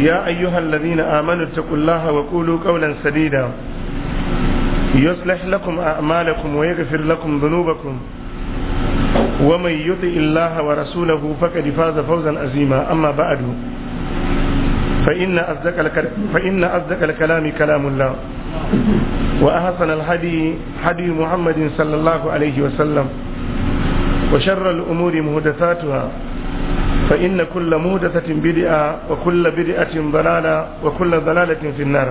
يا أيها الذين آمنوا اتقوا الله وقولوا قولا سديدا يصلح لكم أعمالكم ويغفر لكم ذنوبكم ومن يطع الله ورسوله فقد فاز فوزا عظيما أما بعد فإن أصدق فإن أصدق الكلام كلام الله وأحسن الحدي حدي محمد صلى الله عليه وسلم وشر الأمور مهدثاتها فإن كل مودثة بدعة وكل بدعة ضلالة وكل ضلالة في النار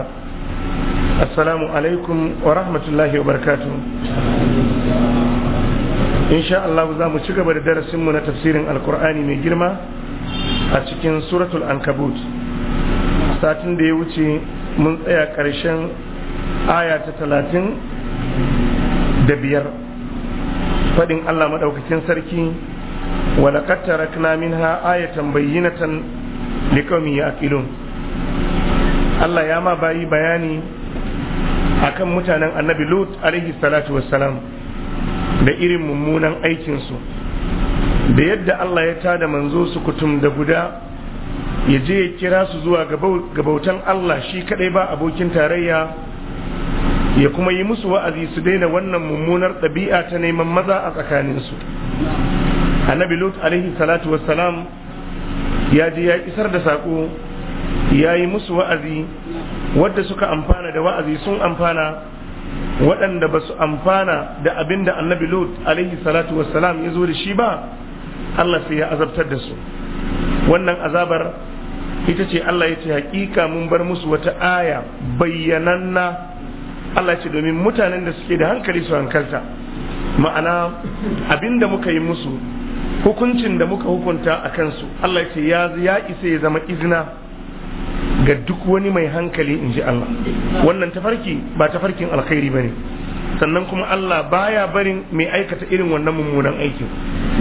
السلام عليكم ورحمة الله وبركاته إن شاء الله za mu ci gaba da mu na tafsirin alkur'ani mai girma a cikin suratul ankabut satin da ya wuce mun tsaya ƙarshen aya ta talatin da biyar faɗin allah maɗaukacin sarki ولقد تركنا منها آية بينة لقوم يأكلون الله يا ما باي بياني akan mutanen annabi lut alaihi salatu wassalam da irin mummunan aikinsu da yadda Allah ya tada manzo su kutum da guda ya je ya kira su zuwa ga gabautan Allah shi kadai ba abokin tarayya ya kuma yi musu wa'azi su daina wannan mummunar ɗabi'a ta neman maza a tsakaninsu annabi lut alaihi salatu wassalam ya je ya isar da sako ya yi musu wa'azi wadda suka amfana da wa'azi sun amfana waɗanda ba su amfana da abin da annabi lut alaihi salatu wassalam ya zo da shi ba allah sai ya azabtar da su wannan azabar ita ce allah ya ce hakika mun bar musu wata aya bayyananna allah ce domin mutanen da suke da hankali su hankalta ma'ana abin da muka yi musu hukuncin da muka hukunta a kansu Allah ce ya ya isa ya zama izina ga duk wani mai hankali in ji Allah wannan tafarki ba tafarkin alkhairi ba ne. sannan kuma Allah baya barin mai aikata irin wannan mummunan aikin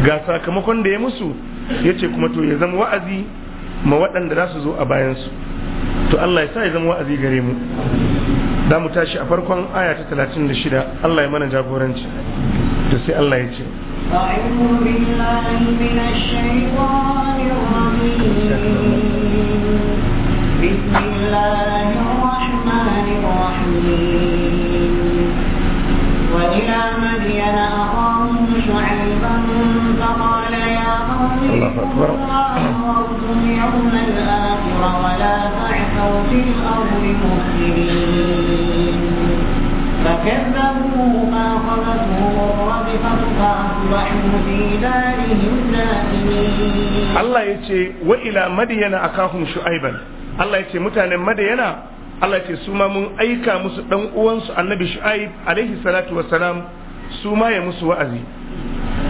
ga sakamakon da ya musu ya ce kuma to ya zama wa'azi ma waɗanda za su zo a bayansu to Allah ya sa ya zama wa'azi gare mu da mu tashi a farkon aya ta 36 Allah ya mana jagoranci to sai Allah ya ce أعوذ بالله من الشيطان الرجيم بسم الله الرحمن الرحيم وإلى مدين أخاهم شعيبا فقال يا قوم اذكروا الله وارجوا اليوم الآخر ولا تعثوا في الأرض مفسدين Allah ya ce wa ila madiyana kahun shu'aiban Allah ya ce mutanen madiyana Allah ya ce su ma mun aika musu dan uwansu annabi shu'aib alaihi salatu wassalam su ma ya musu wa'azi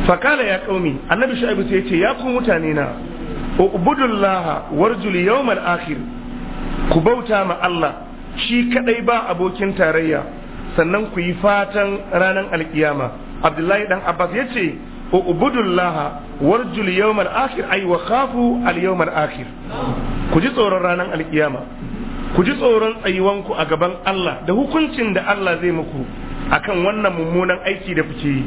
fakala ya qaumi annabi shu'aib sai ya ce ya ku mutane na ubudullaha warjul yawmal akhir ku bauta ma Allah shi kadai ba abokin tarayya sannan ku yi fatan ranar alkiyama abdullahi dan abbas ya ce ubudullaha warjul yawmal akhir ay wa khafu al yawmal akhir ku ji tsoron ranar alkiyama ku ji tsoron tsayuwanku a gaban Allah da hukuncin da Allah zai muku akan wannan mummunan aiki da kuke yi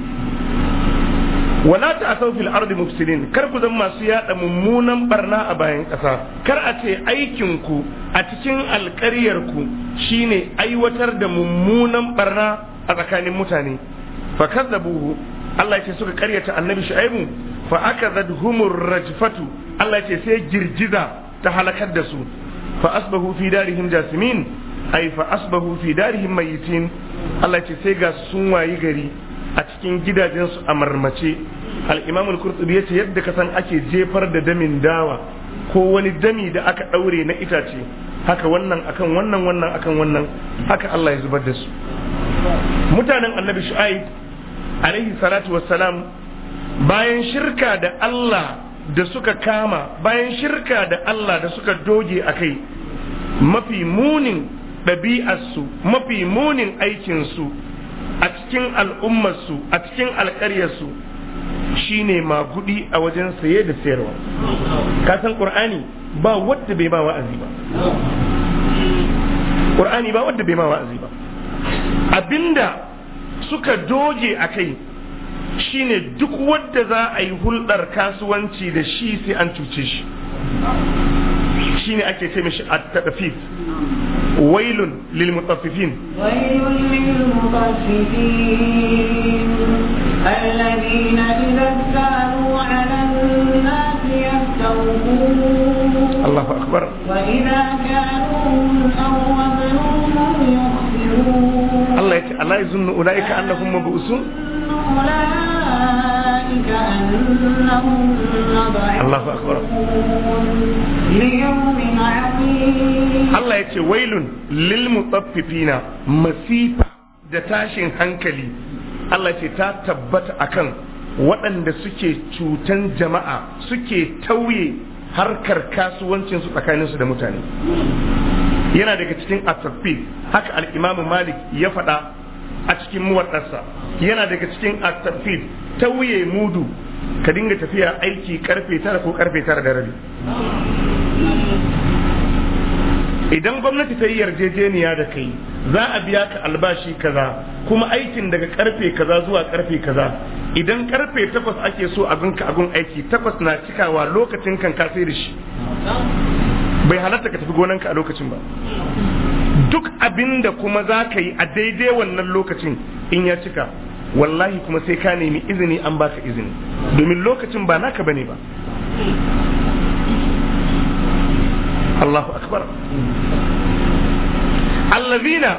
wala ta asau fil ardi mufsidin kar ku zama masu yada mummunan barna a bayan ƙasa kar a ce aikin ku a cikin alƙaryar ku shine aiwatar da mummunan barna a tsakanin mutane fa kazzabuhu Allah ya ce suka karyata annabi shu'aibu fa akadhadhumur rajfatu Allah ce sai girgiza ta halakar da su fa asbahu fi darihim jasimin ay fa asbahu fi darihim mayitin Allah ce sai ga sun wayi gari a cikin gidajensu a marmace al-imam al-qurtubi yace yadda ka san ake jefar da damin dawa ko wani dami da aka daure na itace haka wannan akan wannan wannan akan wannan haka Allah ya zubar da su mutanen annabi shu'aib alaihi salatu wassalam bayan shirka da Allah da suka kama bayan shirka da Allah da suka doge a kai mafi munin ɗabi'arsu mafi munin aikinsu a cikin al'ummarsu a cikin alƙaryarsu shine magudi a wajen saye da sayarwa kasan ƙur'ani ba wadda bai ba wa'azi ba ƙur'ani ba wadda bai ba wa'azi ba abinda suka doge a kai shine duk wadda za a yi hulɗar kasuwanci da shi sai an cuce shi shine ake kai mishi at tadfif wailun lil mutaffifin wailun lil mutaffifin alladhina kanu 'ala an yastawqun Allahu akbar wa aw Allah ya ce ala izunnu ulaika annahum mabusun Allahu akbar Allah ya ce wailun lil mutaffifina masifa da tashin hankali Allah ce ta tabbata akan waɗanda suke cutan jama'a suke tauye harkar kasuwancinsu tsakaninsu da mutane yana daga cikin at haka al-imam malik ya faɗa a cikin muwaddarsa yana daga cikin at ta tawiye mudu ka dinga tafiya aiki karfe tara ko karfe tara da rabi idan gwamnati ta yi yarjejeniya da kai za a biya ka albashi kaza kuma aikin daga karfe kaza zuwa karfe kaza idan karfe takwas ake so abinka abin aiki takwas na cikawa lokacin kan ka sai da shi bai halatta ka tafi gonanka a lokacin ba duk abin da kuma za ka yi a daidai wannan lokacin in ya cika wallahi kuma sai ka nemi izini an baka izini domin lokacin ba naka bane ba Allahu akbar allazina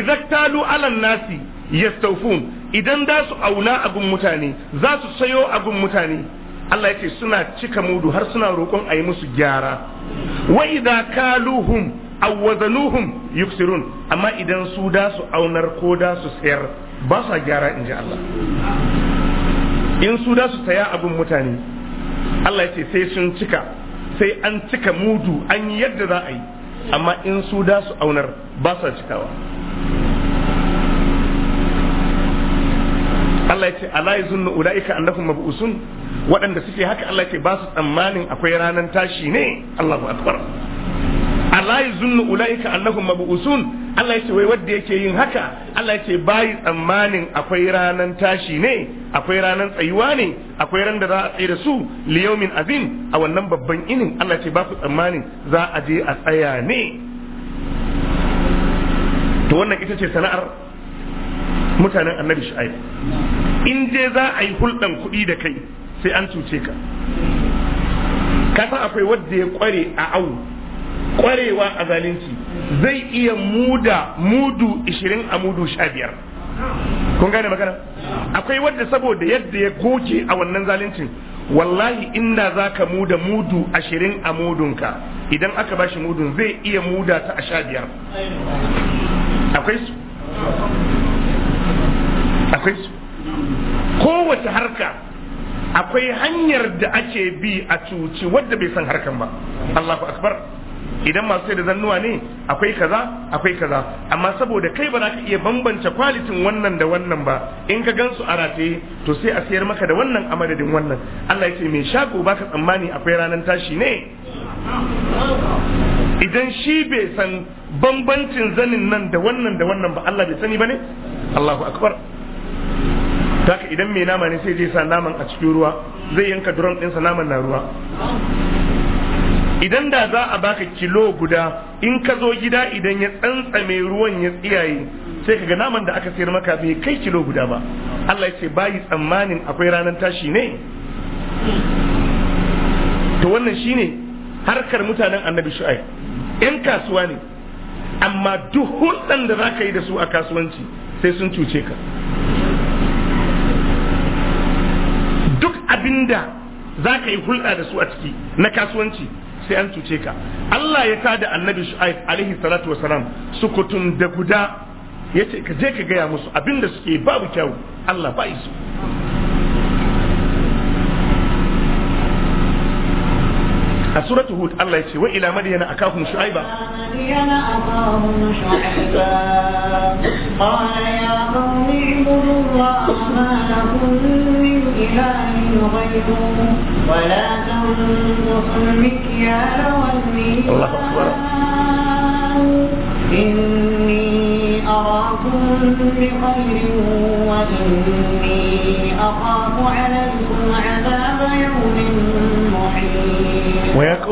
idza talu ala nasi yastawfun idan da su auna agun mutane za su sayo agun mutane Allah ya ce suna cika mudu har suna roƙon a yi musu gyara wa idza kaluhum aw wazanuhum yuksirun amma idan su da su aunar ko da su sayar ba sa gyara in ji Allah in su da su saya abun mutane Allah ya ce sai sun cika sai an cika mudu an yi yadda za a yi amma in su da su aunar ba sa cikawa Allah ya ce ala yazunnu ulaika annahum mabusun waɗanda suke haka Allah ya ce ba su tsammanin akwai ranan tashi ne Allahu akbar ala yazunnu ulaika annahum mabusun Allah ya ce wai wanda yake yin haka Allah ya ce bai tsammanin akwai ranan tashi ne akwai ranan tsayuwa ne akwai ran da za a tsaye da su yawmin azim a wannan babban inin Allah ya ce ba su tsammanin za a je a tsaya ne to wannan ita ce sana'ar mutanen annabi shu'aib in dai za a yi hulɗan kuɗi da kai sai an cuce ka kasa akwai wadda ya kware a awu kwarewa a zalunci zai iya muda mudu 20 a mudu 15 kun gane magana akwai wadda saboda yadda ya goge a wannan zaluncin wallahi inda za ka muda mudu ashirin a mudunka idan aka bashi mudun zai iya muda ta a sha biyar akwai su akwai su kowace harka akwai hanyar da ake bi a cuci wadda bai san harkan ba Allahu akbar idan masu sai da zannuwa ne akwai kaza akwai kaza amma saboda kai ba za ka iya bambance kwalitin wannan da wannan ba in ka gansu a rataye to sai a sayar maka da wannan a madadin wannan Allah ya ce mai shago baka tsammani akwai ranar tashi ne idan shi bai san bambancin zanin nan da wannan da wannan ba Allah bai sani ba ne Allahu akbar taka idan mai nama ne sai je sa naman a cikin ruwa zai yanka drum ɗinsa naman na ruwa idan da za a baka kilo guda in ka zo gida idan ya tsantsame ruwan ya tsiyaye sai ka ga naman da aka sayar maka bai kai kilo guda ba Allah ya ce bayi tsammanin akwai ranar tashi ne to wannan shine harkar mutanen annabi shu'aib yan kasuwa ne amma duk hulɗan da za ka yi da su a kasuwanci sai sun cuce ka abinda za ka yi hulɗa da su a ciki na kasuwanci sai an cuce ka Allah ya tada annabi shu'aib alaihi salatu wasalam sukutun da guda ya ce ka je ka gaya musu abin da suke babu kyau Allah ba su a suratu hud Allah ya ce wa ila madiyana akahum shu'aiba madiyana akahum shu'aiba qala ya qawmi ibudullaha ma lakum min ilahin ghayruhu wa la tanqusul mikyala wal mizan inni أراكم بخير وإني أخاف عليكم عذاب يوم محيط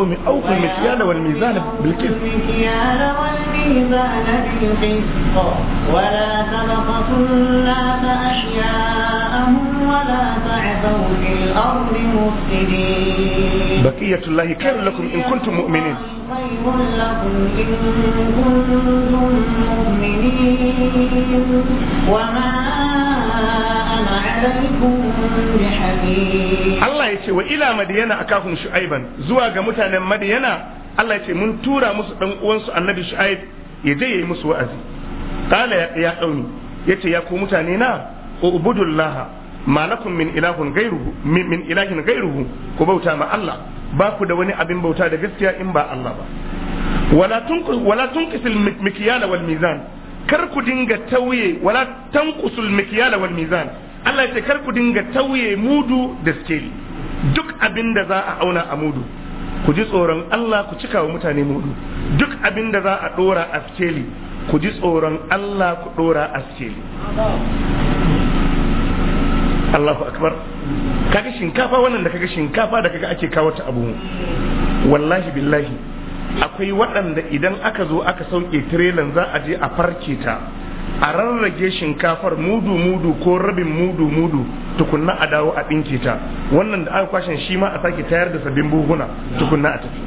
المكيال والميزان بالقسط المكيال والميزان بالقسط ولا تبخسوا الناس أشياءهم ولا بقية الله خير لكم إن كنتم مؤمنين Allah ya ce wa ila madiyana a kafin shu'aiban zuwa ga mutanen madiyana Allah ya ce mun tura musu ɗan uwansu annabi shu'aib ya je yi musu wa'azi kala ya ya ya ce ya ku mutane na ubudullaha malakum min ilahun gairuhu min ilahin gairuhu ku bauta ma Allah ba ku da wani abin bauta da gaskiya in ba Allah ba wala tunqis wala tunqisil mikyala wal mizan kar ku dinga tauye wala tanqusul mikyala wal mizan Allah ya kar ku dinga tauye mudu da skeli duk abin da za a auna a mudu ku ji tsoron Allah ku cika wa mutane mudu duk abin da za a dora a skeli ku ji tsoron Allah ku dora a skeli Allahu akbar kaga shinkafa wannan da kaga shinkafa da kaga ake kawo ta abu wallahi billahi akwai waɗanda idan aka zo aka sauke tirelan za a je a farke ta a rarrage shinkafar mudu mudu ko rabin mudu mudu tukunna a dawo a ɗinke ta wannan da aka kwashen shi ma a sake tayar da sabbin buhuna tukunna a tafi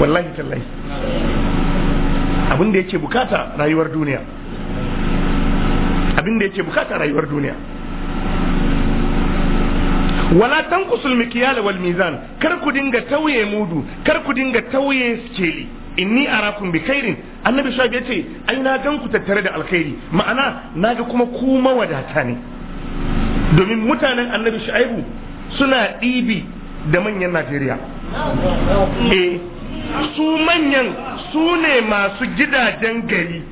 wallahi tallahi abin da yake bukata rayuwar duniya abin da yake bukata rayuwar duniya wala tanqusul mikyal wal mizan kar ku dinga tauye mudu kar ku dinga tauye skeli inni arakum bi khairin annabi shaib yace ai na gan ku tattare da alkhairi ma'ana na ga kuma ku mawadata ne domin mutanen annabi shaibu suna ɗibi da manyan najeriya eh su manyan su ne masu gidajen gari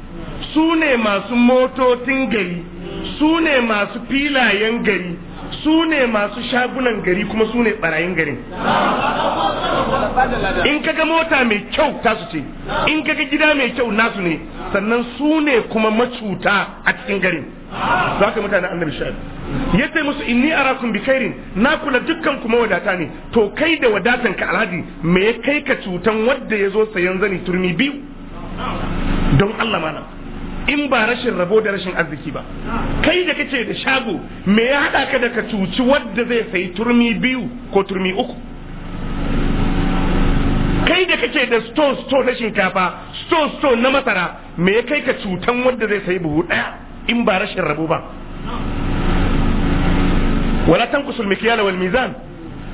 su ne masu motocin gari su ne masu filayen gari su ne masu shagunan gari kuma su ne barayin gari. in kaga mota mai kyau tasu ce in kaga gida mai kyau nasu ne sannan su ne kuma macuta a cikin garin za ka mutane annabi ya ce musu inni a bi khairin na kula dukkan kuma wadata ne to kai da wadatan ka alhaji me ya kai ka cutan wanda ya zo sayan zani turmi biyu don Allah malam in ba rashin rabo da rashin arziki ba kai da kake da shago me ya hada ka da ka cuci wadda zai sayi turmi biyu ko turmi uku kai da kake da store store na shinkafa store store na masara me ya kai ka cutan wadda zai sayi buhu daya in ba rashin rabo ba wala tankusul mikyala wal mizan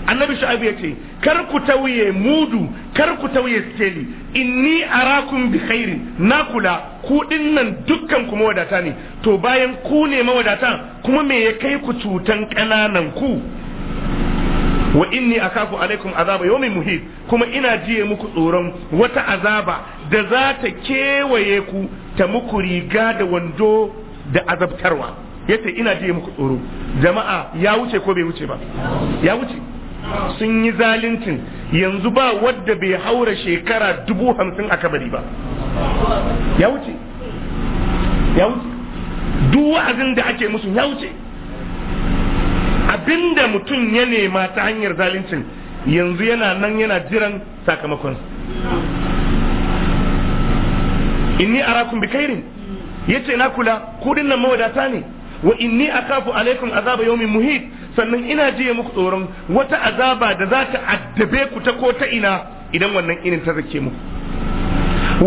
annabi shu'aib yace kar ku tauye mudu kar ku tauye steli inni arakum bi khairin na kula ku dinnan dukkan ku mawadata ne to bayan ku ne mawadata kuma me ya kai ku cutan kananan ku wa inni akafu alaikum azaba yawmi muhit kuma ina jiye muku tsoron wata azaba da za ta kewaye ku ta muku riga da wando da azabtarwa yace ina jiye muku tsoro jama'a ya wuce ko bai wuce ba ya wuce sun yi zalincin yanzu ba wadda bai haura shekara dubu hamsin a kabari ba ya wuce ya wuce duk wa'azin da ake musu ya wuce abinda mutum ya nema ta hanyar zaluncin yanzu yana nan yana jiran sakamakon inni arakum bi kairin yace na kula kudin nan mawadata ne wa inni akafu alaikum azaba yawmin muhit sannan ina jiya muku tsoron wata azaba da za ta addabe ku ta ko ta ina idan wannan inin ta zake mu.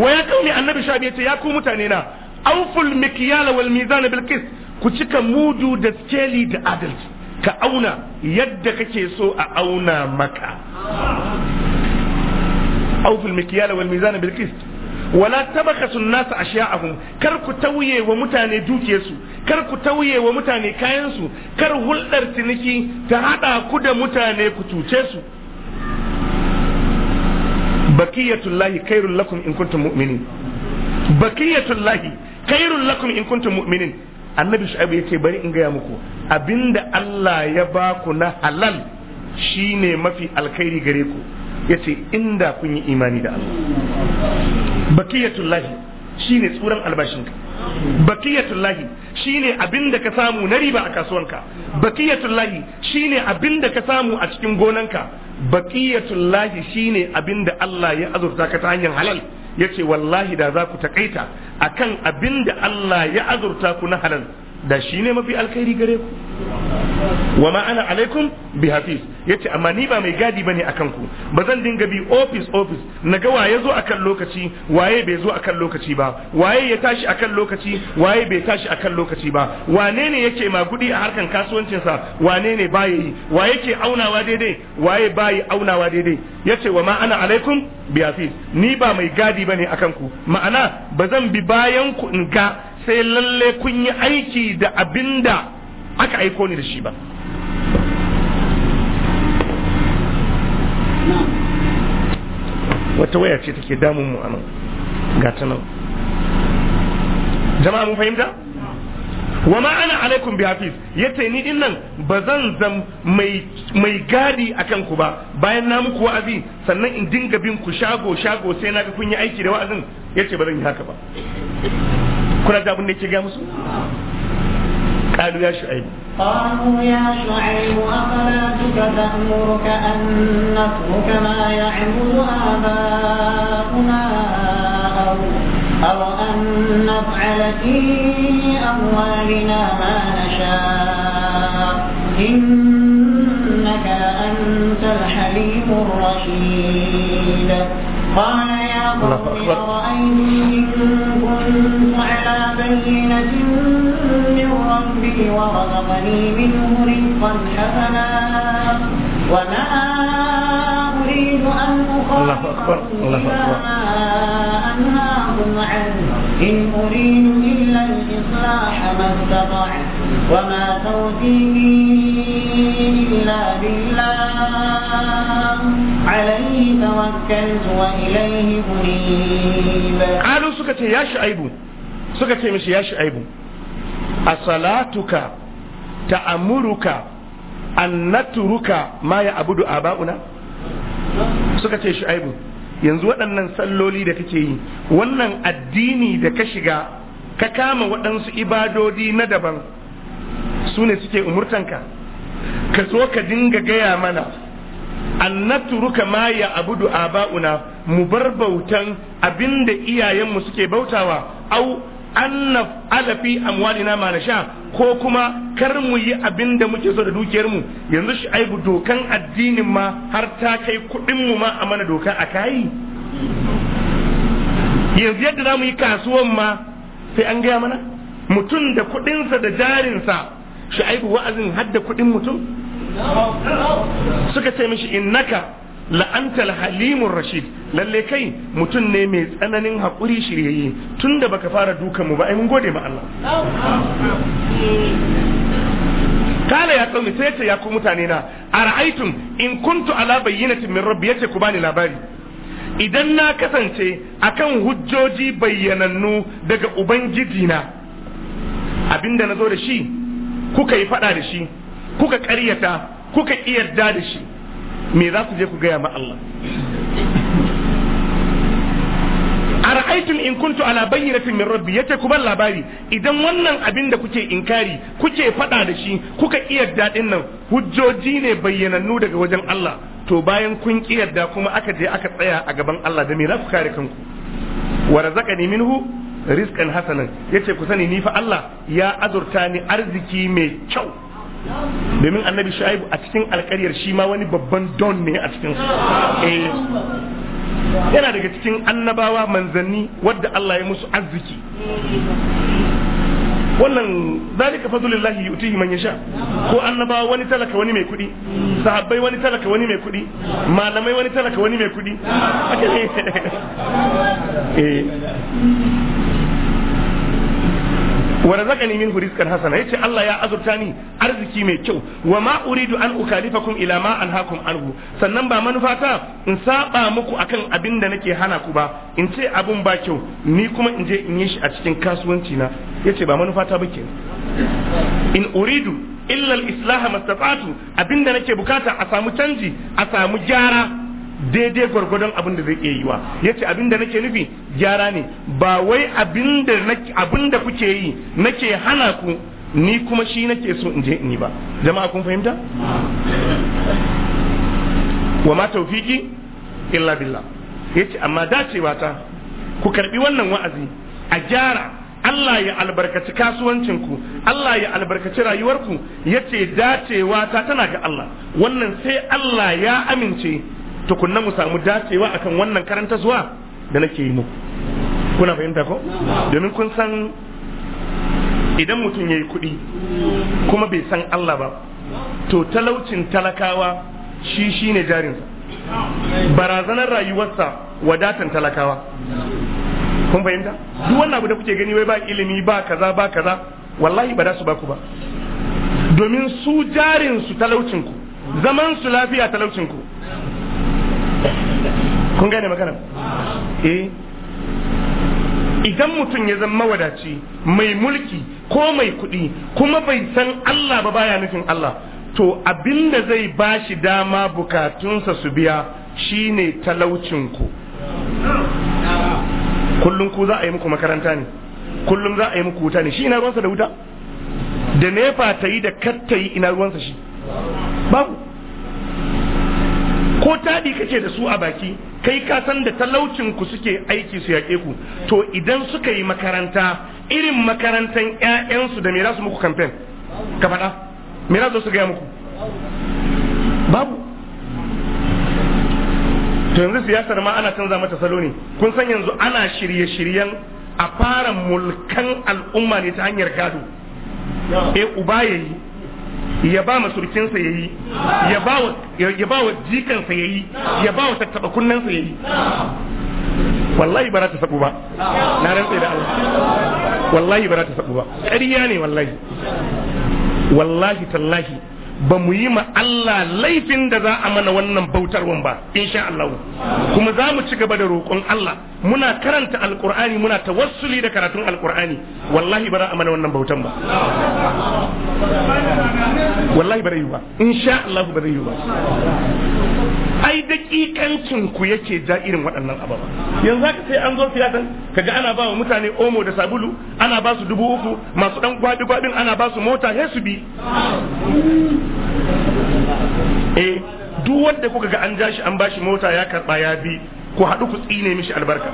wa ya kauni annabi shabi yace ya ku mutane na awful mikyala wal mizan bil qist ku cika mudu da skeli da adalci ka auna yadda kake so a auna maka awful mikyala wal mizan bil qist wala tabakhasu a nas kar ku tauye wa mutane dukiyarsu kar ku tauye wa mutane kayansu kar hulɗar ciniki ta haɗa ku da mutane ku cuce su bakiyatullahi khairul lakum in kuntum mu'minin bakiyatullahi khairul lakum in kuntum mu'minin annabi shu'aib yace bari in gaya muku abinda Allah ya baku na halal shine mafi alkhairi gare ku yace inda kun yi imani da Allah bakiyatullahi shine tsuran albashinka bakiyatullahi shine abin da ka samu na riba a kasuwanka bakiyatullahi shine abin da ka samu a cikin gonanka bakiyatullahi shine abin da Allah ya azurta ka ta hanyar halal yace wallahi da za ku takaita akan abin da Allah ya azurta ku na halal da shi ne mafi alkhairi gare ku wa ma ana alaikum bi hafiz yace amma ni ba mai gadi bane akan ku ba zan dinga bi office office na ga waye zo akan lokaci waye bai zo akan lokaci ba waye ya tashi akan lokaci waye bai tashi akan lokaci ba wane ne yake gudi a harkan kasuwancin sa wane ne baya yi waye ke aunawa daidai waye bayi aunawa daidai yace wa ma ana alaikum bi hafiz ni ba mai gadi bane akan ku ma'ana ba zan bi bayan ku in ga sai lalle kun yi aiki da abinda aka aiko ni da shi ba wata waya ce take damun mu anan ga ta nan jama'a mun fahimta wa ma ana alaikum bi hafiz yace ni din nan ba zan zam mai mai gadi akan ku ba bayan na muku wa'azi sannan in dinga bin ku shago shago sai na ga kun yi aiki da wa'azin yace ba zan yi haka ba kuna ji abin da yake ga musu قالوا يا شعيب قالوا يا شعيب أصلاتك تأمرك أن نترك ما يعبد آباؤنا أو أو أن نفعل في أموالنا ما نشاء إنك أنت الحليم الرشيد قال يا قوم أرأيتم إن كنت على بينة من ربي ورزقني منه رزقا حسنا وما أريد أن أخالفكم إلى ما أنهاكم عنه إن أريد إلا الإصلاح ما استطعت وما توفيقي إلا بالله عليه توكلت وإليه أنيب قالوا سكت يا شعيب سكت مش يا شعيب أصلاتك تأمرك أن نترك ما يعبد آباؤنا Suka ce Shu'aibu? yanzu waɗannan salloli da kake yi wannan addini da ka shiga ka kama waɗansu ibadodi na daban su ne suke umurtanka ka zo ka dinga gaya mana an naturuka ma ya abudu aba'una mu bar bautan abinda iyayenmu suke bautawa au an na fi amwalina ma sha ko kuma kar mu yi abinda muke so da dukiyarmu? yanzu shi aibu dokan addinin ma har ta kai kudin mu ma a mana doka a kai yanzu yadda za mu yi kasuwan ma sai an gaya mana mutum da kudinsa da jarinsa shi aibu wa'azin hadda kudin mutum suka ce mishi innaka la'antal halimun rashid lalle kai mutum ne mai tsananin haƙuri shiryayye tun da baka fara dukan mu ba ai mun gode ma Allah kala ya kaumi sai ce ya ku mutane na ara'aitum in kuntu ala bayyinatin min rabbi yace ku bani labari idan na kasance akan hujjoji bayyanannu daga ubangiji na abinda na zo da shi kuka yi fada da shi kuka ƙaryata kuka yarda da shi me za ku je ku gaya ma Allah ara'aytum in kuntu ala bayyinatin min rabbi yace ku ban labari idan wannan abin da kuke inkari kuke fada da shi kuka iyarda din nan hujjoji ne bayyanannu daga wajen Allah to bayan kun kiyarda kuma aka je aka tsaya a gaban Allah da me za ku kare kanku wa razaqani minhu rizqan hasanan yace ku sani ni fa Allah ya azurta ni arziki mai kyau domin annabi shu'aibu a cikin alkaryar shi ma wani babban don ne a cikin su eh, yana daga cikin annabawa manzanni wadda Allah ya musu arziki wannan zalika fadlullahi yutihi man yasha ko annabawa wani talaka wani mai kudi sahabbai wani talaka wani mai kudi malamai wani talaka wani mai kudi eh wa razaqani minhu rizqan hasana yace Allah ya azurta ni arziki mai kyau wa ma uridu an ukalifakum ila ma anhaakum anhu sannan ba manufata in saba muku akan abin da nake hana ku ba in ce abun ba kyau ni kuma in je in yi shi a cikin kasuwanci na yace ba manufata ba in uridu illa al-islaha mastata'tu abinda nake bukata a samu canji a samu gyara daidai gwargwadon abin da zai iya yiwa yace abin da nake nufi gyara ne ba wai abin da kuke yi nake hana ku ni kuma shi nake so in je in ba jama'a kun fahimta wa ma taufiki illa billah yace amma dacewa ta ku karbi wannan wa'azi a gyara Allah ya albarkaci kasuwancinku Allah ya albarkaci rayuwarku ya ce dacewa ta tana ga Allah wannan sai Allah ya amince tukunna mu samu dacewa akan wannan karanta zuwa da nake yi muku kuna fahimta ko domin kun san idan mutum ya yi kuɗi kuma bai san Allah ba to talaucin talakawa shi shi ne jarinsa barazanar rayuwarsa wadatan talakawa kun fahimta duk wannan abu da kuke gani wai ba ilimi ba kaza ba kaza wallahi ba da su baku ba domin su jarin su talaucin ku zaman su lafiya talaucin ku kun gane magana eh idan mutum ya zama wadaci mai mulki ko mai kuɗi kuma bai san Allah ba baya nufin Allah to abinda zai bashi dama bukatunsa su biya shine talaucinku kullum ku za a yi muku makaranta ne kullum za a yi muku wuta ne shi ina ruwansa da wuta da nefa ta yi da katta yi ina ruwansa shi babu ko tadi kace da su a baki kai ka san da talaucin ku suke aiki su yaƙe ku to idan suka yi makaranta irin makarantan ƴaƴansu da me za su muku kamfen ka faɗa me za su gaya muku babu to yanzu siyasar ma ana canza mata salo ne kun san yanzu ana shirye-shiryen a fara mulkan al'umma ne ta hanyar gado eh uba yayi ya ba ma surkinsa yayi ya ba wa ya ba wa jikansa yi ya ba wa tattaba ya yi. wallahi ba za ta sabu ba na rantsa da Allah wallahi ba za ta sabu ba ƙarya ne wallahi wallahi tallahi ba mu yi ma Allah laifin da za a mana wannan bautarwan ba insha Allah kuma za mu ci gaba da roƙon Allah muna karanta alƙur'ani muna tawassuli da karatun alƙur'ani wallahi ba za a mana wannan bautan ba wallahi ba zai yi ba insha Allah ba zai yi ba ai dakikancin ku yake ja irin waɗannan ababa yanzu haka sai an zo fiyatan kaga ana ba wa mutane omo da sabulu ana ba su dubu uku masu dan gwadi gwadin ana ba su mota sai su bi eh duk wanda kuka ga an ja shi an bashi mota ya karba ya bi ku haɗu ku tsine mishi albarka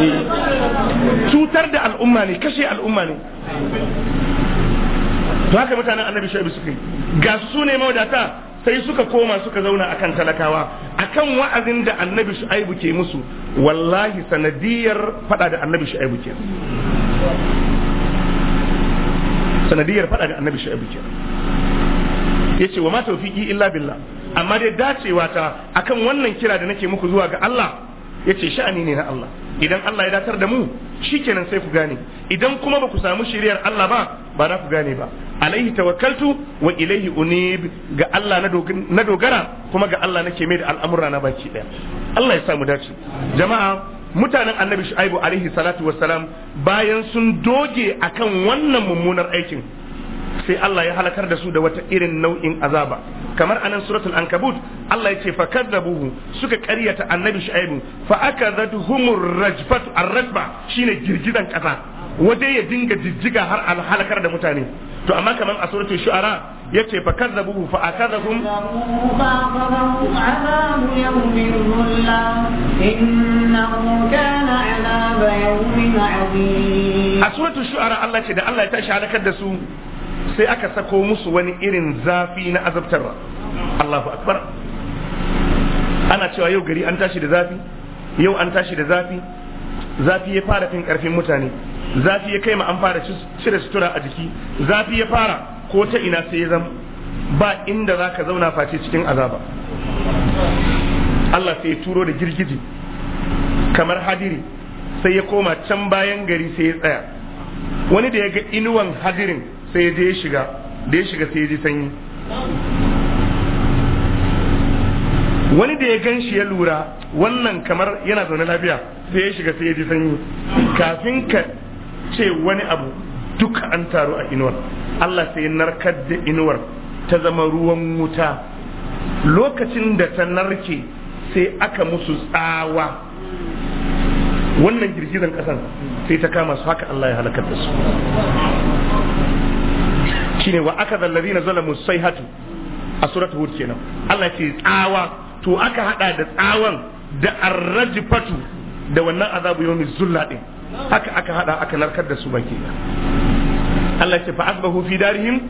eh, eh, cutar da al'umma ne kashe al'umma ne to haka mutanen annabi shaibu suke ga su ne mawadata sai suka koma suka zauna akan talakawa akan wa'azin da annabi shu'aibu ke musu wallahi sanadiyar fada da annabi shu'aibu ke sanadiyar fada da annabi shu'aibu ke yace wa ma tawfiqi illa billah amma dai dacewa ta akan wannan kira da nake muku zuwa ga Allah yace sha'ani ne na Allah idan Allah ya datar da mu Shi kenan sai ku gane idan kuma ba ku samu shiriyar Allah ba ba za ku gane ba alaihi tawakkaltu wa ilaihi unib ga Allah na dogara kuma ga Allah nake mai da al'amura na baki daya Allah ya sa mu dace jama'a mutanen annabi shu'aibu alaihi salatu wassalam bayan sun doge akan wannan mummunar aikin sai Allah ya halakar da su da wata irin nau'in azaba kamar anan suratul ankabut Allah ya ce fa kadzabuhu suka karyata annabi shu'aibu fa akadhatuhumur rajfatu ar-rajba shine girgizan kasa waje ya dinga jijjiga har al halakar da mutane to amma kamar a suratul shu'ara ya ce fa kadzabuhu fa akadhahum a suratul shu'ara Allah ce da Allah ya tashi halakar da su sai aka sako musu wani irin zafi na azabtarwa Allahu akbar ana cewa yau gari an tashi da zafi yau an tashi da zafi zafi ya fara fin karfin mutane zafi ya kai ma an fara cire sutura a jiki zafi ya fara ko ta ina sai ya zama ba inda za ka zauna face cikin azaba Allah sai ya turo da girgiji kamar hadiri sai ya koma can bayan gari sai ya tsaya wani da ya ga inuwan hadirin sai dai shiga dai shiga sai ji sanyi wani da ya gan shi ya lura wannan kamar yana zaune lafiya sai ya shiga sai ya ji sanyi kafin ka ce wani abu duka an taru a inuwar Allah sai narkar da inuwar ta zama ruwan wuta lokacin da ta narke sai aka musu tsawa wannan girgizan kasan sai ta kama su haka Allah ya halakar da su shine wa akadha alladhina zalamu sayhatu a suratul hud kenan Allah ce tsawa to aka hada da tsawan da arrajfatu da wannan azabu yawmi zulla din haka aka hada aka narkar da su baki Allah ce fa asbahu fi darihim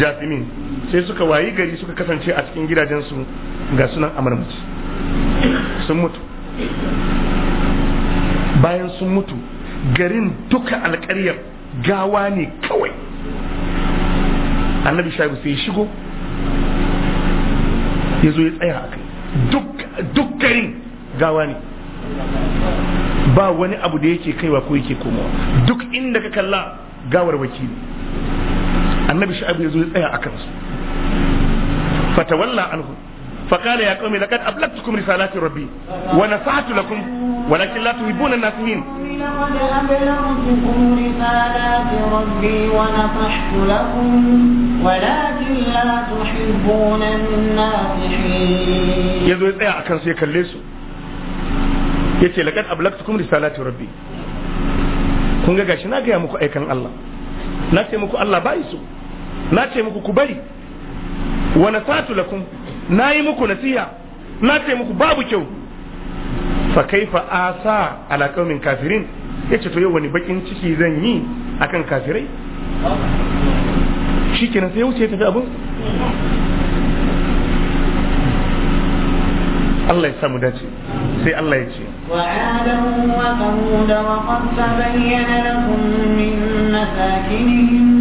jasimin sai suka wayi gari suka kasance a cikin gidajensu ga sunan amarmaci sun mutu bayan sun mutu garin duka alƙaryar gawa ne kawai annabi shaibu sai ya shigo ya zo ya tsaya a kai duk garin gawa ne ba wani abu da yake kaiwa ko yake komawa duk inda ka kalla gawar waki ne annabi shaibu ya zo ya tsaya a kansu fatawalla anhu فقال يا قوم لقد أبلغتكم رسالات ربي ونصحت لكم ولكن لا تحبون الناصحين لقد أبلغتكم رسالات ربي ونصحت لكم ولكن لا تحبون الناصحين يزو يتسيا أكن سي كالليسو يتسي لقد أبلغتكم رسالات ربي kun ga gashi na gaya muku aikan Allah na ce muku Allah ba'yi su na ce muku ku bari wa nasatu lakum na yi muku nasiha na ce muku babu kyau fa kaifa asa ala qaumin kafirin yace to yau wani bakin ciki zan yi akan kafirai shikenan sai wuce tafi abun Allah ya samu dace sai Allah ya ce وعادا وثمود وقد تبين لكم من مساكنهم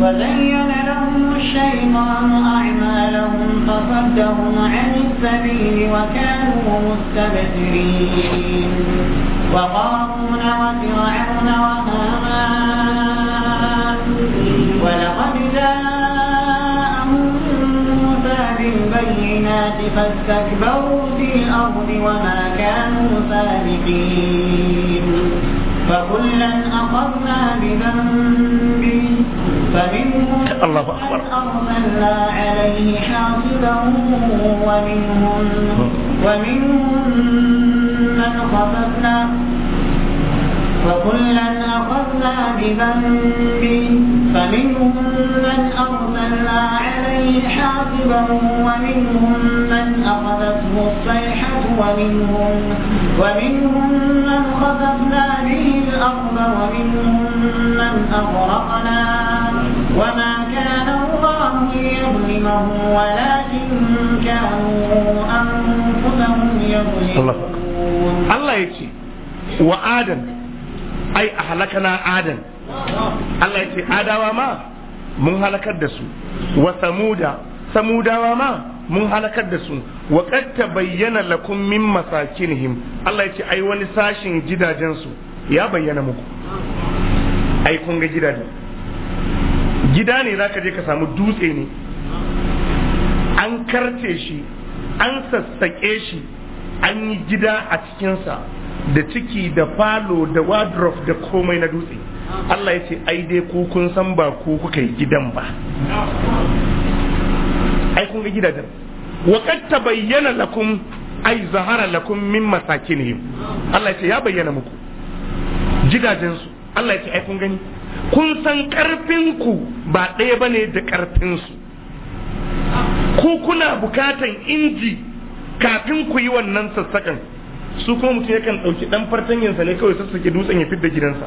وزين لهم الشيطان أعمالهم فصدهم عن السبيل وكانوا مستبدرين وقارون وفرعون وهامان ولقد جاءهم موسى بالبينات فاستكبروا في الأرض وما كانوا سابقين فكلا أخذنا بذنب فمنهم الله أكبر أرسلنا عليه ومنهم ومنهم من خففنا وكلا أخذنا بذنبه فمنهم من أرسلنا عليه حافظا ومنهم من أخذته الصيحة ومنهم ومنهم من خففنا به الأرض ومنهم من أغرقنا وما كان الله ليظلمه ولكن كانوا أنفسهم يظلمون الله يجي وآدم أي أهلكنا آدم الله يجي آدم ما mun halakar da su wa samuda samudawa ma mun halakar da su wa qad bayyana lakum min masakinihim Allah ya ce ai wani sashin gidajen su ya bayyana muku ai kun ga gidajen gida ne za ka je ka samu dutse ne an karce shi an sassaƙe shi an yi gida a cikinsa da ciki da falo da wardrobe da komai na dutse Allah ya ce ai dai ku kun san ba ku kuka yi gidan ba ai kun ga gidajen waƙad bayyana lakum ai zahara lakum min masakinihim Allah ya ce ya bayyana muku gidajensu Allah ya ce ai kun gani kun san ƙarfinku ba ɗaya ba ne da ƙarfinsu ku kuna bukatan inji kafin ku yi wannan sassakan su kuma mutum yakan ɗauki ɗan fartanyansa ne kawai sassake dutsen ya fidda gidansa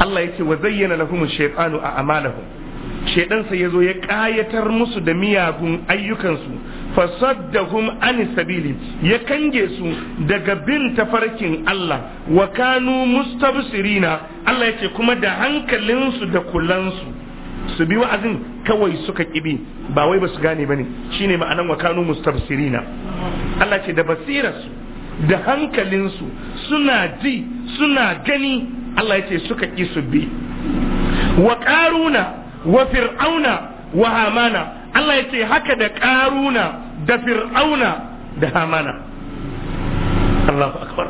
Allah ya ce wa zayyana lahum shaytanu a amalahum shaidan sai yazo ya ƙayatar musu da miyagun ayyukansu fasaddahum an sabili ya kange su daga bin tafarkin Allah wa kanu mustabsirina Allah yake kuma da hankalinsu da kullansu su bi wa'azin kawai suka kibi ba wai ba su gane bane shine ma'anan wa kanu mustabsirina Allah ce da basirarsu da hankalinsu suna ji suna gani Allah yake suka ki su bi wa karuna wa fir'auna wa hamana Allah yace haka da karuna da fir'auna da hamana Allahu akbar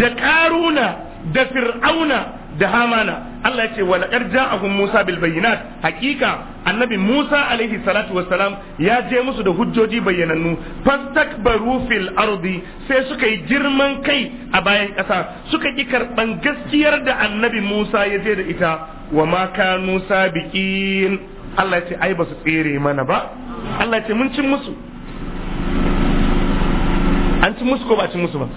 da karuna da fir'auna da hamana Allah ya ce wa laqad ja'ahum Musa bil bayyinat hakika annabi Musa alaihi salatu wassalam ya je musu da hujjoji bayyanannu fastakbaru fil ardi sai suka yi girman kai a bayan ƙasa suka ki karban gaskiyar da annabi Musa ya je da ita wa ma kanu sabiqin Allah ya ce ai ba su tsere mana ba Allah ya ce mun cin musu an cin musu ko ba cin musu ba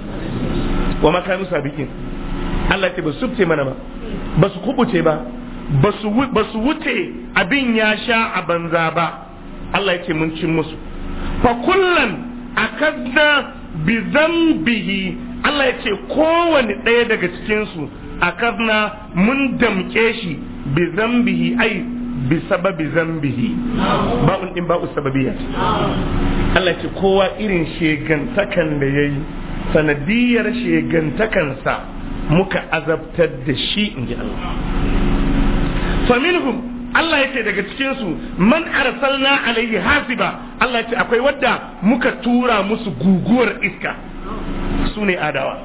wa ma musa bikin? Allah ya ce ba su subce mana ba ba su kubuce ba ba su wuce abin ya sha a banza ba Allah ya ce mun cin musu fa kullan akadna bi zambihi Allah ya ce kowane ɗaya daga cikinsu akadna mun damke shi bi zambihi ai bi sababi zambihi ba'un ba'u sababiyya Allah ce kowa irin shegantakan da yayi sanadiyar shegantakansa muka azabtar da shi in ji Allah faminhum Allah yake daga cikin su man arsalna alaihi hasiba Allah ce akwai wadda muka tura musu guguwar iska su ne adawa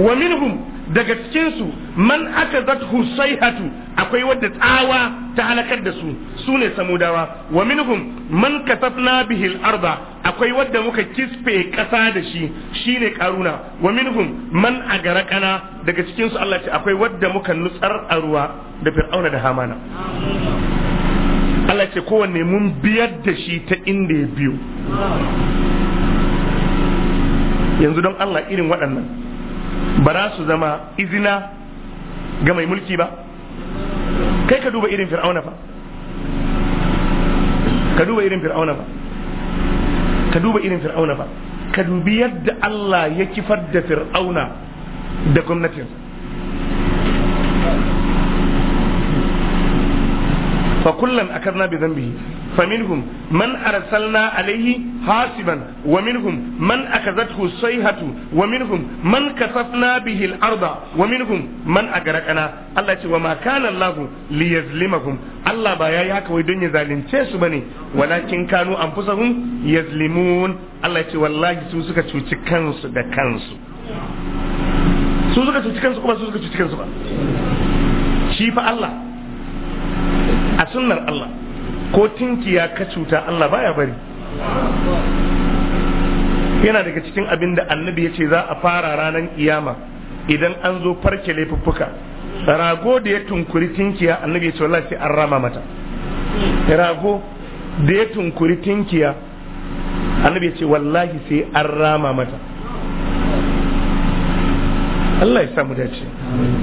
wa minhum daga cikinsu man aka zatu husaihatu akwai wadda tsawa ta halakar da su su ne samudawa wa minhum man kasafna bihil arda akwai wadda muka kisfe kasa da shi shine karuna wa minhum man agarakana daga cikinsu Allah ce akwai wadda muka nutsar a ruwa da fir'auna da hamana Allah ce kowanne mun biyar da shi ta inda ya biyo yanzu don Allah irin waɗannan ba za su zama izina ga mai mulki ba kai ka duba irin fir'auna fa ka duba irin fir'auna fa ka duba irin fir'auna fa ka dubi yadda Allah ya kifar da fir'auna da gwamnatinsa fa kullum akadna bi dhanbihi فمنهم من أرسلنا عليه حاسبا ومنهم من أخذته الصيحة ومنهم من كسفنا به الأرض ومنهم من أغرقنا الله وما كان الله ليظلمهم الله بايا ياك ويدني ظالم تيسو بني ولكن كانوا أنفسهم يظلمون الله والله سوسك تشوتي كنسو دا كنسو سوسك تشوتي كنسو كما سوسك تشوتي كنسو shi fa Allah a sunnar Allah ko tinkiya ka cuta Allah baya bari yana daga cikin abin da annabi ya ce za a fara ranar kiyama idan an zo farke laifuffuka rago da ya tunkuri tinkiya annabi ya ce wallahi sai an rama mata rago da ya tunkuri tinkiya annabi ya ce wallahi sai an rama mata Allah ya samu dace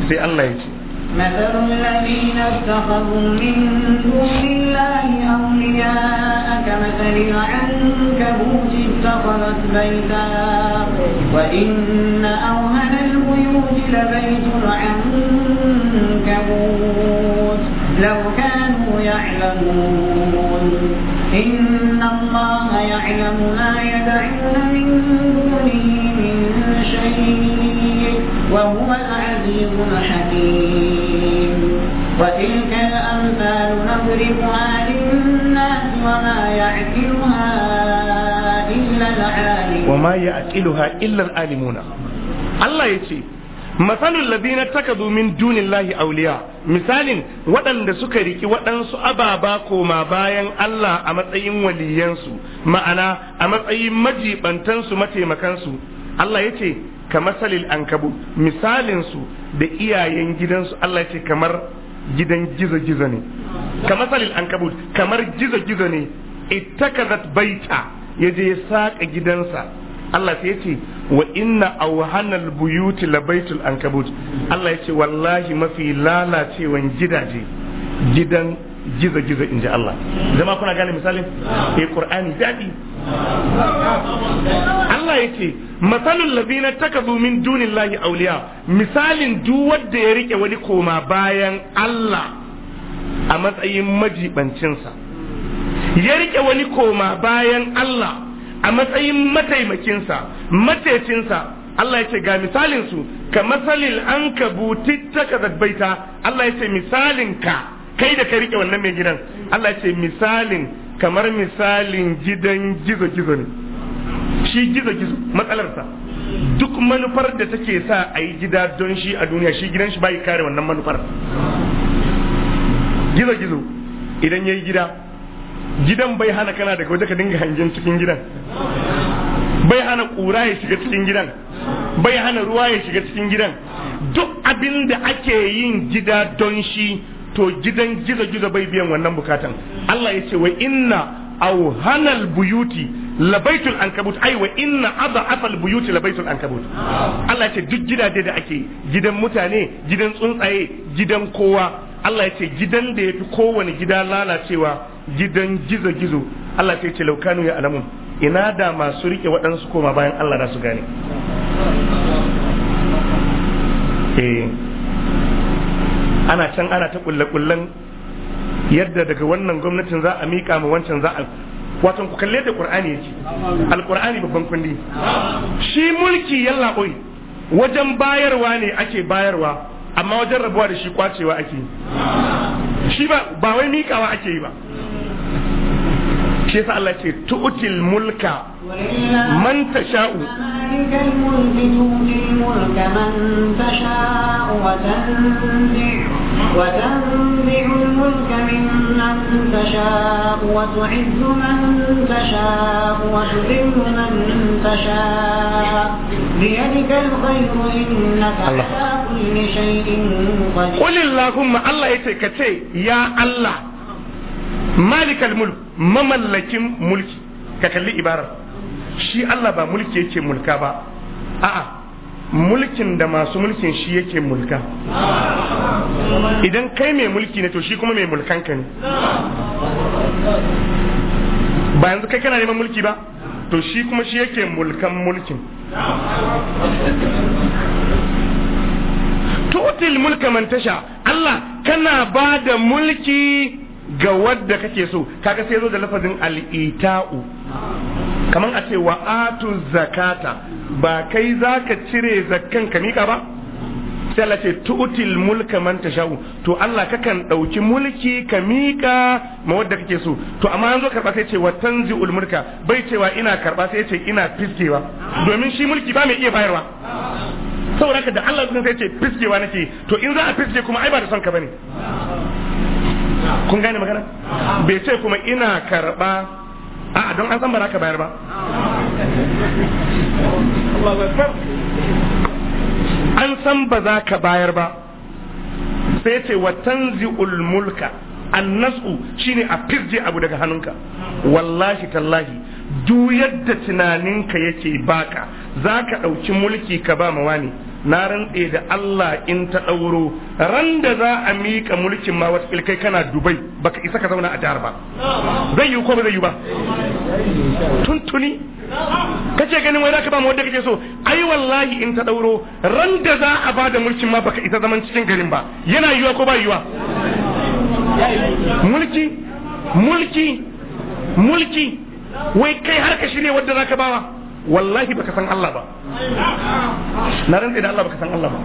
sai Allah ya ce مثل الذين اتخذوا من دون الله أولياء كمثل العنكبوت اتخذت بيتا وإن أوهن البيوت لبيت العنكبوت لو كانوا يعلمون إن الله يعلم ما يدعون من دونه من شيء وهو العلم عزيز حكيم وتلك الأمثال نضربها للناس وما يعقلها إلا العالمون وما يعقلها إلا العالمون الله يتي مثل misalin waɗanda suka riki waɗansu ababa koma bayan Allah a matsayin waliyansu ma'ana a matsayin majibantansu mataimakansu Allah ya ce ka masalil an kabu misalinsu da iyayen gidansu Allah ce kamar gidan gizo-gizo ne ka masalil an kabu kamar gizo-gizo ne ittakazat baita ya je ya saƙa gidansa Allah sai ya ce wa inna awhanal buyuti la baitul ankabut Allah ya wallahi mafi lalacewan gidaje gidan gizo-gizo inji Allah zama kuna gane Allah ya ce masalul ladina takazu min dunillahi auliya misalin duk wanda ya rike wani koma bayan Allah a matsayin majibancinsa ya rike wani koma bayan Allah a matsayin mataimakinsa matecinsa Allah ya ce ga misalinsu, ka matsalin an kabuti taka baita Allah ya ce misalinka, kai da ka rike wannan mai gidan Allah ya ce misalin kamar misalin gidan gizo-gizo ne shi gizo-gizo matsalarsa duk manufar da take sa a yi gida don shi a duniya shi gidan shi bai kare wannan manufar gizo-gizo idan ya yi gida gidan bai hana kana daga waje ka dinga hangen cikin gidan bai hana ƙura ya shiga cikin gidan bai hana ruwa ya shiga cikin gidan duk abin da ake yin gida don shi to gidan gizo-gizo bai biyan wannan bukatan Allah ya ce wa inna auhanal buyuti labaitul ankabut ai wa inna adha afal buyuti labaitul ankabut Allah ya ce duk gidaje da ake gidan mutane gidan tsuntsaye gidan kowa Allah ya ce gidan da yafi kowane gida lalacewa gidan gizo-gizo Allah ya ce laukanu ya alamun ina da masu rike waɗansu koma bayan Allah za su gane eh. ana can ana ta kulle-kullen yadda daga wannan gwamnatin za a miƙa ma wancan za a wato ku kalle da qur'ani yake alqur'ani babban kundi shi mulki yalla oi wajen bayarwa ne ake bayarwa amma wajen rabuwa da shi kwacewa ake shi ba ba wai miƙawa ake yi ba shi yasa Allah ce tu'til mulka man tasha'u بيدك الملك تؤتي الملك من تشاء وتنزع وتنزع الملك ممن تشاء وتعز من تشاء وتذل من تشاء بيدك الخير إنك على كل شيء قدير قل اللهم الله يتكتي يا الله مالك الملك مملك ملكي ككل عباره shi Allah ba mulki yake mulka ba a'a mulkin da masu mulkin shi yake mulka idan kai mai mulki ne to shi kuma mai mulkan ka ne ba yanzu kai kana neman mulki ba to shi kuma shi yake mulkan mulkin tutil mulka man tasha Allah kana ba da mulki ga wadda kake so kaga sai zo da lafazin al'ita'u kaman a ce wa atu zakata ba kai zaka cire zakkan ka mika ba sai Allah ce tu'til mulka man tashau to Allah kakan dauki mulki ka mika ma wanda kake so to amma yanzu karba sai ce wa tanzi'ul mulka bai cewa ina karba sai ce ina fiskewa domin shi mulki ba mai iya bayarwa saboda ka da Allah sun sai ce fiskewa nake to in za a fiske kuma ai ba da son ka bane kun gane magana bai ce kuma ina karba a don an san ba ka bayar ba an san ba za ka bayar ba sai ce wa tanzi'ul mulka annasu shine a fizje abu daga hannunka wallahi tallahi duk yadda tunaninka yake baka za ka ɗauki mulki ka ba ma wani na rantse da Allah in ta ɗauro ran da za a miƙa mulkin ma wata kai kana dubai baka isa ka zauna a jihar ba zai yi ko ba zai yi ba tuntuni kace ganin wai zaka ba mu wanda kake so ai wallahi in ta ɗauro ran da za a da mulkin ma baka isa zaman cikin garin ba yana yiwa ko ba yiwa mulki mulki mulki wai kai har ka shirye za zaka bawa wallahi baka san Allah ba na ran da Allah baka san Allah ba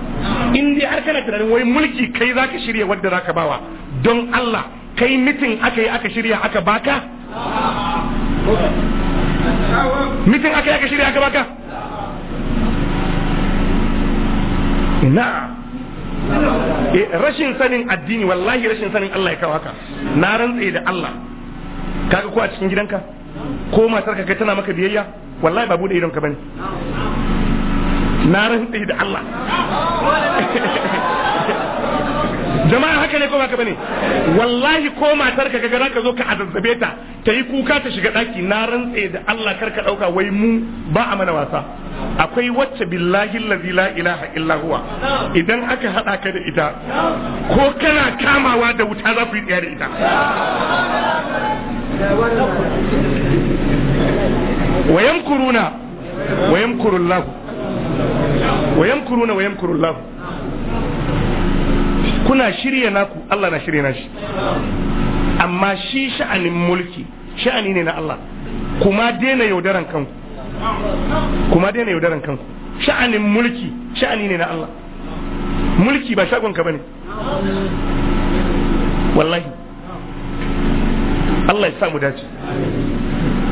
in dai har kana tunanin wai mulki kai zaka shirya wadda zaka bawa don Allah kai mitin aka yi aka shirya aka baka mitin aka yi aka shirya aka baka Na. Eh, rashin sanin addini wallahi rashin sanin Allah ya kawo haka na rantse da Allah kaga ko a cikin gidanka ko matar ka tana maka biyayya wallahi ba bude idon ka bane na rantsi da Allah jama'a haka ne ko baka bane wallahi ko matar ka ga ka zo ka azazzabe ta ta yi kuka ta shiga daki na rantse da Allah karka dauka wai mu ba a mana wasa akwai wacce billahi allazi la ilaha illa huwa idan aka hada ka da ita ko kana kamawa da wuta za ku yi tsaya da ita wa yamkuruna wa yamkuru Allah wa yamkuruna wa kuna shirya naku Allah na shirya nashi amma shi sha'anin mulki sha'ani ne na Allah kuma daina yaudaran kanku sha'anin mulki sha'ani ne na Allah mulki ba shagon ka bane wallahi Allah ya mu dace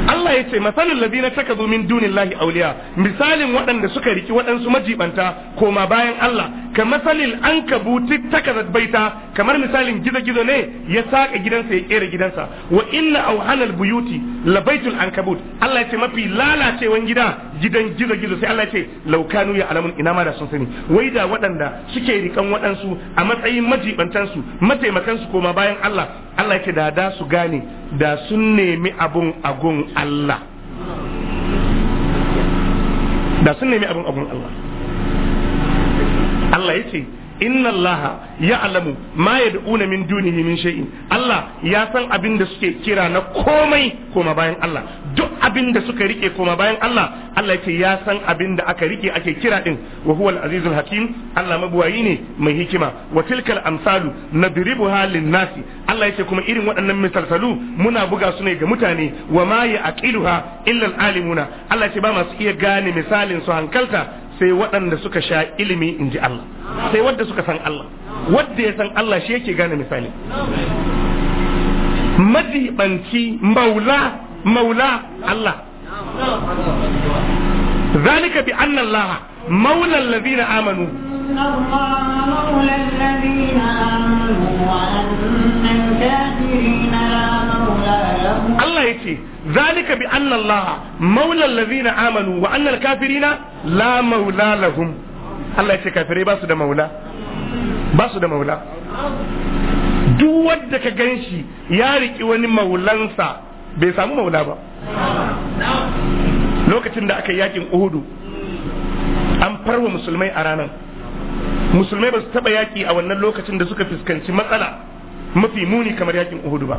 Allah ya ce masalul ladina takazu min dunillahi auliya misalin waɗanda suka riki waɗansu majibanta koma bayan Allah ka masalil an kabuti takazat baita kamar misalin gizo-gizo ne ya saka gidansa ya kera gidansa wa inna auhanal buyuti la baitul ankabut Allah ya ce mafi lalacewan gida gidan gizo-gizo sai Allah ya ce laukanu ya alamun ina ma da sun sani wai da waɗanda suke rikan waɗansu a matsayin majibantansu mataimakansu koma bayan Allah Allah ya ce da da su gane da sun nemi abun agun Allah da sun nemi abun agun Allah Allah ya ce inna allaha ya alamu ma ya da'una min dunihi min shay'in Allah ya san abin da suke kira na komai koma bayan Allah duk abin da suka rike koma bayan Allah Allah ce ya san abin da aka rike ake kira din wa huwal azizul hakim Allah mabuwayi ne mai hikima wa tilkal amsalu nadribuha lin nasi Allah ce kuma irin waɗannan misalsalu muna buga su ne ga mutane wa ma ya aqiluha illa alimuna Allah ce ba masu iya gane misalin su hankalta sai waɗanda suka sha ilimi in ji Allah sai wadda suka san Allah wadda ya san Allah shi yake gane misali madibanci maula maula Allah zalika bi anna Allah maula allazina amanu amanu Allah zalika bi anna Allah maula allazina amanu wa anna al-kafirina la maula lahum Allah ya ce ba su da maula ba su da maula duk wanda ka ganshi ya riki wani maulansa bai samu maula ba lokacin da aka yakin uhudu an farwa musulmai a ranar musulmai basu taɓa taba yaki a wannan lokacin da suka fuskanci matsala mafi muni kamar yakin uhudu ba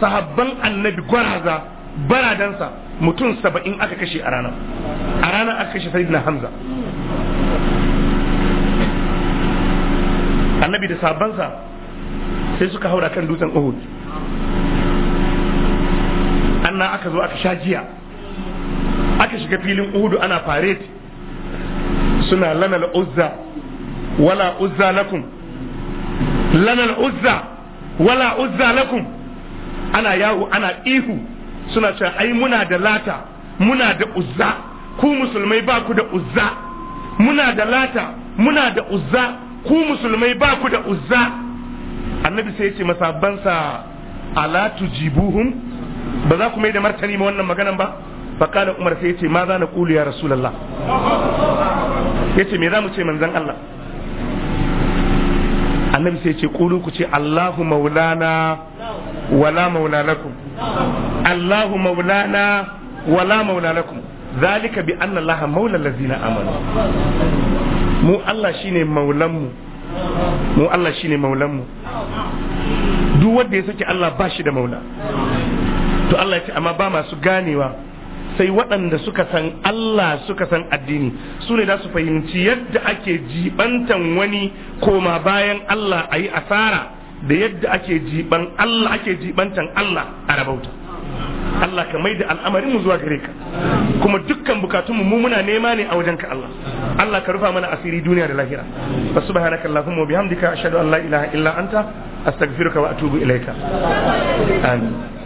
sahabban annabi gwaraza baradansa mutum saba'in aka kashe a ranar a ranar aka kashe sayyidina hamza annabi da sabansa sai suka haura kan dutsen uhud annan aka zo aka sha jiya aka shiga filin uhudu ana fareti suna lanar uzza wala uzza lakum lanal uzza wala uzza lakum ana yawo ana ihu suna cewa ai muna da lata muna da uzza ku musulmai ba ku da uzza muna da lata muna da uzza ku musulmai ba ku da uzza annabi sai ya ce masabansa ala tujibuhum ba za ku mai da martani ma wannan maganan ba fakala umar sai ya ce ma za na kulu ya rasulallah ya ce me za mu ce manzan allah annabi sai ya ce kulu ku ce allahu maulana ولا مولى لكم الله مولانا ولا مولى لكم ذلك بأن الله مولى الذين آمنوا مو الله شيني مولمو mu Allah shine maulanmu duk wanda ya saki Allah ba da maula to Allah ya ce amma ba masu ganewa sai waɗanda suka san Allah suka san addini su ne za su fahimci yadda ake jibantan wani koma bayan Allah a yi asara da yadda ake jiban Allah ake jibantan Allah a rabauta Allah ka mai da al'amarin mu zuwa gare ka kuma dukkan bukatun mu muna nema ne a wajen ka Allah Allah ka rufa mana asiri duniya da lahira wa subhanaka allahumma wa bihamdika ashhadu an la ilaha illa anta astaghfiruka wa atubu ilaika amin